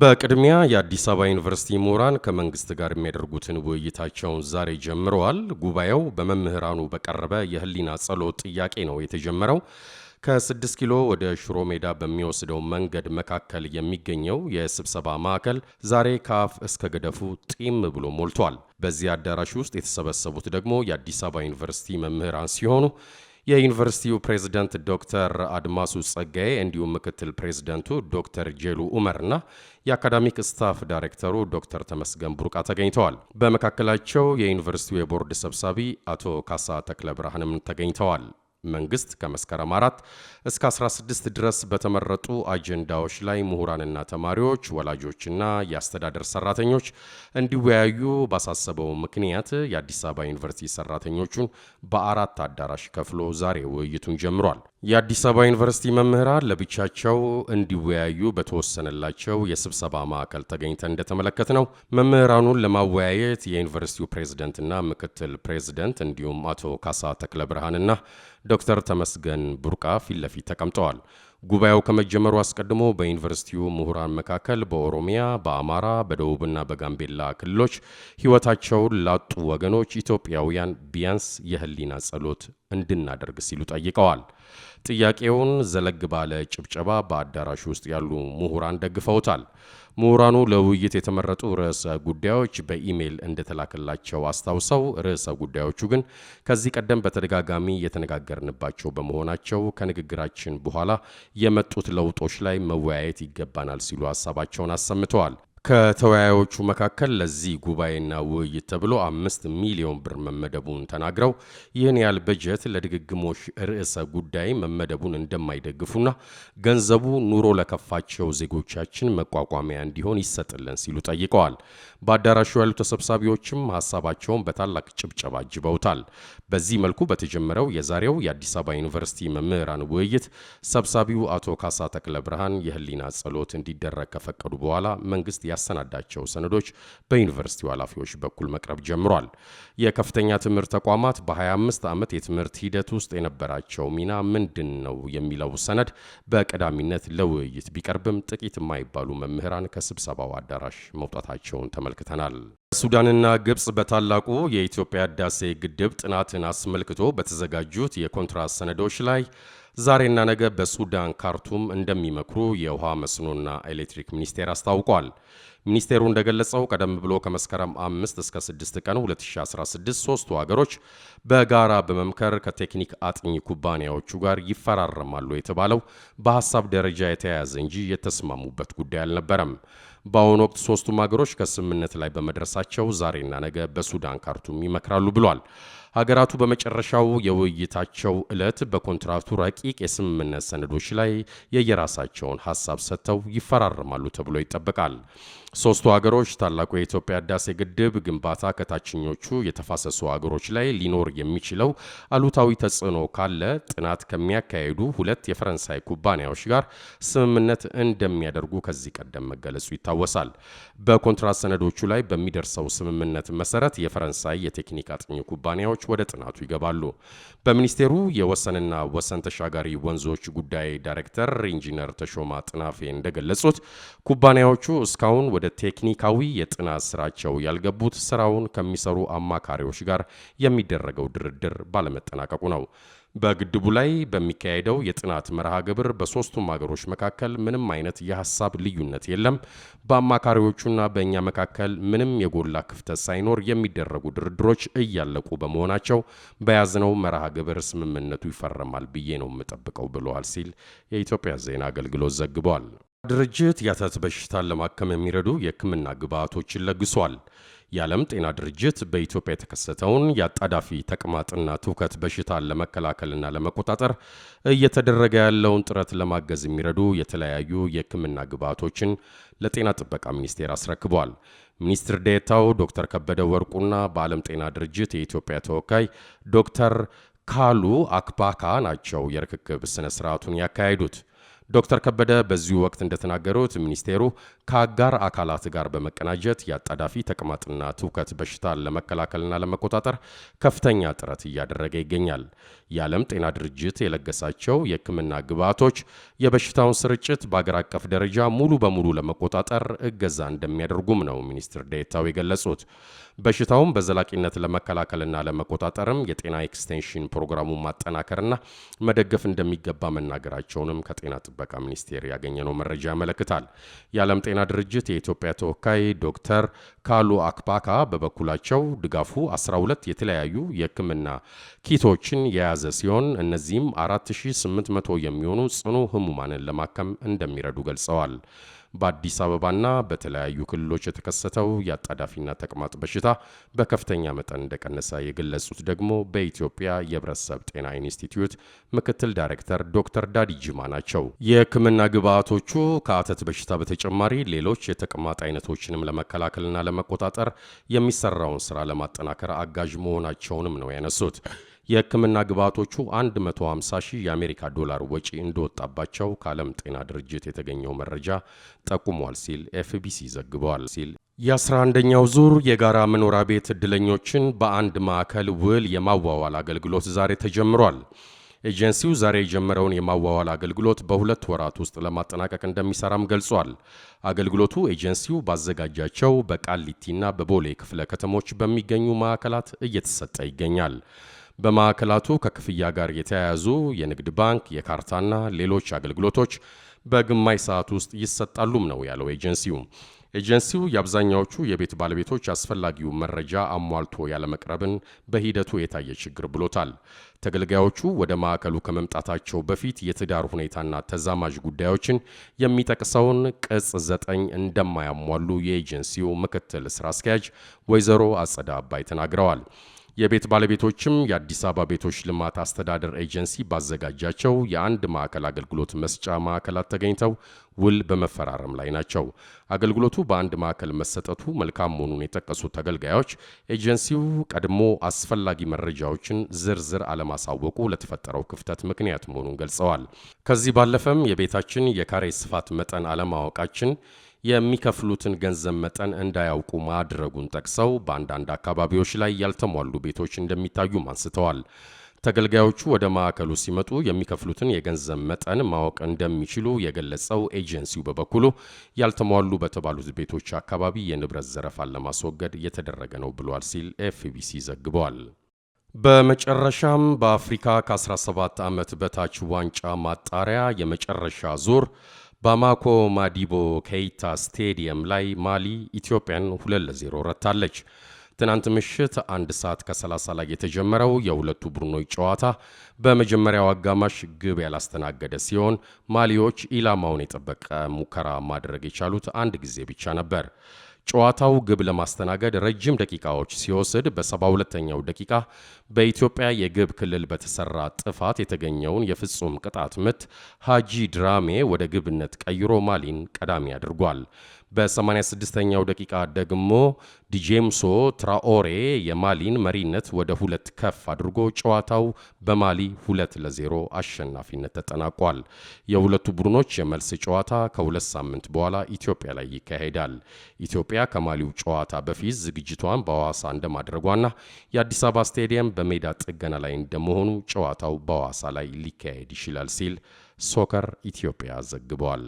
በቅድሚያ የአዲስ አበባ ዩኒቨርሲቲ ምሁራን ከመንግስት ጋር የሚያደርጉትን ውይይታቸውን ዛሬ ጀምረዋል። ጉባኤው በመምህራኑ በቀረበ የህሊና ጸሎት ጥያቄ ነው የተጀመረው። ከ6 ኪሎ ወደ ሽሮ ሜዳ በሚወስደው መንገድ መካከል የሚገኘው የስብሰባ ማዕከል ዛሬ ከአፍ እስከ ገደፉ ጢም ብሎ ሞልቷል። በዚህ አዳራሽ ውስጥ የተሰበሰቡት ደግሞ የአዲስ አበባ ዩኒቨርሲቲ መምህራን ሲሆኑ የዩኒቨርሲቲው ፕሬዝደንት ዶክተር አድማሱ ጸጋዬ እንዲሁም ምክትል ፕሬዝደንቱ ዶክተር ጄሉ ኡመርና የአካዳሚክ ስታፍ ዳይሬክተሩ ዶክተር ተመስገን ቡርቃ ተገኝተዋል። በመካከላቸው የዩኒቨርሲቲው የቦርድ ሰብሳቢ አቶ ካሳ ተክለ ብርሃንም ተገኝተዋል። መንግስት ከመስከረም 4 እስከ 16 ድረስ በተመረጡ አጀንዳዎች ላይ ምሁራንና ተማሪዎች፣ ወላጆችና የአስተዳደር ሰራተኞች እንዲወያዩ ባሳሰበው ምክንያት የአዲስ አበባ ዩኒቨርሲቲ ሰራተኞቹን በአራት አዳራሽ ከፍሎ ዛሬ ውይይቱን ጀምሯል። የአዲስ አበባ ዩኒቨርሲቲ መምህራን ለብቻቸው እንዲወያዩ በተወሰነላቸው የስብሰባ ማዕከል ተገኝተን እንደተመለከት ነው መምህራኑን ለማወያየት የዩኒቨርሲቲው ፕሬዝደንትና ምክትል ፕሬዝደንት እንዲሁም አቶ ካሳ ተክለ ብርሃንና ዶክተር ተመስገን ቡርቃ ፊት ለፊት ተቀምጠዋል። ጉባኤው ከመጀመሩ አስቀድሞ በዩኒቨርሲቲው ምሁራን መካከል በኦሮሚያ፣ በአማራ፣ በደቡብና በጋምቤላ ክልሎች ሕይወታቸውን ላጡ ወገኖች ኢትዮጵያውያን ቢያንስ የህሊና ጸሎት እንድናደርግ ሲሉ ጠይቀዋል። ጥያቄውን ዘለግ ባለ ጭብጨባ በአዳራሹ ውስጥ ያሉ ምሁራን ደግፈውታል። ምሁራኑ ለውይይት የተመረጡ ርዕሰ ጉዳዮች በኢሜይል እንደተላከላቸው አስታውሰው ርዕሰ ጉዳዮቹ ግን ከዚህ ቀደም በተደጋጋሚ የተነጋገርንባቸው በመሆናቸው ከንግግራችን በኋላ የመጡት ለውጦች ላይ መወያየት ይገባናል ሲሉ ሀሳባቸውን አሰምተዋል። ከተወያዮቹ መካከል ለዚህ ጉባኤና ውይይት ተብሎ አምስት ሚሊዮን ብር መመደቡን ተናግረው ይህን ያህል በጀት ለድግግሞሽ ርዕሰ ጉዳይ መመደቡን እንደማይደግፉና ገንዘቡ ኑሮ ለከፋቸው ዜጎቻችን መቋቋሚያ እንዲሆን ይሰጥልን ሲሉ ጠይቀዋል። በአዳራሹ ያሉ ተሰብሳቢዎችም ሀሳባቸውን በታላቅ ጭብጨባ አጅበውታል። በዚህ መልኩ በተጀመረው የዛሬው የአዲስ አበባ ዩኒቨርሲቲ መምህራን ውይይት ሰብሳቢው አቶ ካሳ ተክለ ብርሃን የህሊና ጸሎት እንዲደረግ ከፈቀዱ በኋላ መንግስት ያሰናዳቸው ሰነዶች በዩኒቨርሲቲው ኃላፊዎች በኩል መቅረብ ጀምሯል። የከፍተኛ ትምህርት ተቋማት በ25 ዓመት የትምህርት ሂደት ውስጥ የነበራቸው ሚና ምንድን ነው የሚለው ሰነድ በቀዳሚነት ለውይይት ቢቀርብም ጥቂት የማይባሉ መምህራን ከስብሰባው አዳራሽ መውጣታቸውን ተመልክተናል። ሱዳንና ግብፅ በታላቁ የኢትዮጵያ ህዳሴ ግድብ ጥናትን አስመልክቶ በተዘጋጁት የኮንትራት ሰነዶች ላይ ዛሬና ነገ በሱዳን ካርቱም እንደሚመክሩ የውሃ መስኖና ኤሌክትሪክ ሚኒስቴር አስታውቋል። ሚኒስቴሩ እንደገለጸው ቀደም ብሎ ከመስከረም 5 እስከ 6 ቀን 2016 ሶስቱ ሀገሮች በጋራ በመምከር ከቴክኒክ አጥኚ ኩባንያዎቹ ጋር ይፈራረማሉ የተባለው በሀሳብ ደረጃ የተያያዘ እንጂ የተስማሙበት ጉዳይ አልነበረም። በአሁኑ ወቅት ሶስቱም ሀገሮች ከስምምነት ላይ በመድረሳቸው ዛሬና ነገ በሱዳን ካርቱም ይመክራሉ ብሏል። ሀገራቱ በመጨረሻው የውይይታቸው ዕለት በኮንትራቱ ረቂቅ የስምምነት ሰነዶች ላይ የየራሳቸውን ሀሳብ ሰጥተው ይፈራረማሉ ተብሎ ይጠበቃል። ሶስቱ ሀገሮች ታላቁ የኢትዮጵያ ህዳሴ ግድብ ግንባታ ከታችኞቹ የተፋሰሱ ሀገሮች ላይ ሊኖር የሚችለው አሉታዊ ተጽዕኖ ካለ ጥናት ከሚያካሄዱ ሁለት የፈረንሳይ ኩባንያዎች ጋር ስምምነት እንደሚያደርጉ ከዚህ ቀደም መገለጹ ይታወሳል። በኮንትራት ሰነዶቹ ላይ በሚደርሰው ስምምነት መሰረት የፈረንሳይ የቴክኒክ አጥኚ ኩባንያዎች ወደ ጥናቱ ይገባሉ። በሚኒስቴሩ የወሰንና ወሰን ተሻጋሪ ወንዞች ጉዳይ ዳይሬክተር ኢንጂነር ተሾማ ጥናፌ እንደገለጹት ኩባንያዎቹ እስካሁን ወደ ቴክኒካዊ የጥናት ስራቸው ያልገቡት ስራውን ከሚሰሩ አማካሪዎች ጋር የሚደረገው ድርድር ባለመጠናቀቁ ነው። በግድቡ ላይ በሚካሄደው የጥናት መርሃ ግብር በሶስቱም ሀገሮች መካከል ምንም አይነት የሀሳብ ልዩነት የለም። በአማካሪዎቹና በእኛ መካከል ምንም የጎላ ክፍተት ሳይኖር የሚደረጉ ድርድሮች እያለቁ በመሆናቸው በያዝነው መርሃ ግብር ስምምነቱ ይፈረማል ብዬ ነው የምጠብቀው ብለዋል ሲል የኢትዮጵያ ዜና አገልግሎት ዘግበዋል። ድርጅት የአተት በሽታን ለማከም የሚረዱ የሕክምና ግብዓቶችን ለግሷል። የዓለም ጤና ድርጅት በኢትዮጵያ የተከሰተውን የአጣዳፊ ተቅማጥና ትውከት በሽታን ለመከላከልና ለመቆጣጠር እየተደረገ ያለውን ጥረት ለማገዝ የሚረዱ የተለያዩ የሕክምና ግብዓቶችን ለጤና ጥበቃ ሚኒስቴር አስረክቧል። ሚኒስትር ዴታው ዶክተር ከበደ ወርቁና በዓለም ጤና ድርጅት የኢትዮጵያ ተወካይ ዶክተር ካሉ አክባካ ናቸው የርክክብ ስነ ስርዓቱን ያካሄዱት። ዶክተር ከበደ በዚሁ ወቅት እንደተናገሩት ሚኒስቴሩ ከአጋር አካላት ጋር በመቀናጀት የአጣዳፊ ተቅማጥና ትውከት በሽታን ለመከላከልና ለመቆጣጠር ከፍተኛ ጥረት እያደረገ ይገኛል። የዓለም ጤና ድርጅት የለገሳቸው የሕክምና ግብዓቶች የበሽታውን ስርጭት በአገር አቀፍ ደረጃ ሙሉ በሙሉ ለመቆጣጠር እገዛ እንደሚያደርጉም ነው ሚኒስትር ዴታው የገለጹት። በሽታውን በዘላቂነት ለመከላከልና ለመቆጣጠርም የጤና ኤክስቴንሽን ፕሮግራሙን ማጠናከርና መደገፍ እንደሚገባ መናገራቸውንም ከጤና ጥበቃ ሚኒስቴር ያገኘነው መረጃ ያመለክታል። የዓለም ጤና ድርጅት የኢትዮጵያ ተወካይ ዶክተር ካሉ አክባካ በበኩላቸው ድጋፉ 12 የተለያዩ የሕክምና ኪቶችን የያዘ ሲሆን እነዚህም 4800 የሚሆኑ ጽኑ ህሙማንን ለማከም እንደሚረዱ ገልጸዋል። በአዲስ አበባና በተለያዩ ክልሎች የተከሰተው የአጣዳፊና ተቅማጥ በሽታ በከፍተኛ መጠን እንደቀነሰ የገለጹት ደግሞ በኢትዮጵያ የህብረተሰብ ጤና ኢንስቲትዩት ምክትል ዳይሬክተር ዶክተር ዳዲ ጅማ ናቸው። የህክምና ግብዓቶቹ ከአተት በሽታ በተጨማሪ ሌሎች የተቅማጥ አይነቶችንም ለመከላከልና ለመቆጣጠር የሚሰራውን ስራ ለማጠናከር አጋዥ መሆናቸውንም ነው ያነሱት። የህክምና ግብዓቶቹ 150 ሺህ የአሜሪካ ዶላር ወጪ እንደወጣባቸው ከዓለም ጤና ድርጅት የተገኘው መረጃ ጠቁሟል ሲል ኤፍቢሲ ዘግበዋል ሲል የ11ኛው ዙር የጋራ መኖሪያ ቤት ዕድለኞችን በአንድ ማዕከል ውል የማዋዋል አገልግሎት ዛሬ ተጀምሯል። ኤጀንሲው ዛሬ የጀመረውን የማዋዋል አገልግሎት በሁለት ወራት ውስጥ ለማጠናቀቅ እንደሚሰራም ገልጿል። አገልግሎቱ ኤጀንሲው ባዘጋጃቸው በቃሊቲና በቦሌ ክፍለ ከተሞች በሚገኙ ማዕከላት እየተሰጠ ይገኛል። በማዕከላቱ ከክፍያ ጋር የተያያዙ የንግድ ባንክ፣ የካርታና ሌሎች አገልግሎቶች በግማሽ ሰዓት ውስጥ ይሰጣሉም ነው ያለው ኤጀንሲው። ኤጀንሲው የአብዛኛዎቹ የቤት ባለቤቶች አስፈላጊው መረጃ አሟልቶ ያለመቅረብን በሂደቱ የታየ ችግር ብሎታል። ተገልጋዮቹ ወደ ማዕከሉ ከመምጣታቸው በፊት የትዳር ሁኔታና ተዛማጅ ጉዳዮችን የሚጠቅሰውን ቅጽ ዘጠኝ እንደማያሟሉ የኤጀንሲው ምክትል ስራ አስኪያጅ ወይዘሮ አጸዳ አባይ ተናግረዋል። የቤት ባለቤቶችም የአዲስ አበባ ቤቶች ልማት አስተዳደር ኤጀንሲ ባዘጋጃቸው የአንድ ማዕከል አገልግሎት መስጫ ማዕከላት ተገኝተው ውል በመፈራረም ላይ ናቸው። አገልግሎቱ በአንድ ማዕከል መሰጠቱ መልካም መሆኑን የጠቀሱት ተገልጋዮች ኤጀንሲው ቀድሞ አስፈላጊ መረጃዎችን ዝርዝር አለማሳወቁ ለተፈጠረው ክፍተት ምክንያት መሆኑን ገልጸዋል። ከዚህ ባለፈም የቤታችን የካሬ ስፋት መጠን አለማወቃችን የሚከፍሉትን ገንዘብ መጠን እንዳያውቁ ማድረጉን ጠቅሰው በአንዳንድ አካባቢዎች ላይ ያልተሟሉ ቤቶች እንደሚታዩም አንስተዋል። ተገልጋዮቹ ወደ ማዕከሉ ሲመጡ የሚከፍሉትን የገንዘብ መጠን ማወቅ እንደሚችሉ የገለጸው ኤጀንሲው በበኩሉ ያልተሟሉ በተባሉት ቤቶች አካባቢ የንብረት ዘረፋን ለማስወገድ እየተደረገ ነው ብሏል ሲል ኤፍቢሲ ዘግቧል። በመጨረሻም በአፍሪካ ከ17 ዓመት በታች ዋንጫ ማጣሪያ የመጨረሻ ዙር ባማኮ ማዲቦ ከይታ ስቴዲየም ላይ ማሊ ኢትዮጵያን ሁለት ለዜሮ ረታለች። ትናንት ምሽት አንድ ሰዓት ከ30 ላይ የተጀመረው የሁለቱ ቡድኖች ጨዋታ በመጀመሪያው አጋማሽ ግብ ያላስተናገደ ሲሆን ማሊዎች ኢላማውን የጠበቀ ሙከራ ማድረግ የቻሉት አንድ ጊዜ ብቻ ነበር። ጨዋታው ግብ ለማስተናገድ ረጅም ደቂቃዎች ሲወስድ በ72ኛው ደቂቃ በኢትዮጵያ የግብ ክልል በተሰራ ጥፋት የተገኘውን የፍጹም ቅጣት ምት ሃጂ ድራሜ ወደ ግብነት ቀይሮ ማሊን ቀዳሚ አድርጓል። በ86ኛው ደቂቃ ደግሞ ዲጄምሶ ትራኦሬ የማሊን መሪነት ወደ ሁለት ከፍ አድርጎ ጨዋታው በማሊ ሁለት ለዜሮ አሸናፊነት ተጠናቋል። የሁለቱ ቡድኖች የመልስ ጨዋታ ከሁለት ሳምንት በኋላ ኢትዮጵያ ላይ ይካሄዳል። ኢትዮጵያ ከማሊው ጨዋታ በፊት ዝግጅቷን በሐዋሳ እንደማድረጓና የአዲስ አበባ ስቴዲየም በሜዳ ጥገና ላይ እንደመሆኑ ጨዋታው በሐዋሳ ላይ ሊካሄድ ይችላል ሲል ሶከር ኢትዮጵያ ዘግቧል።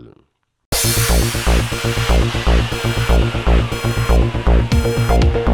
Thank you.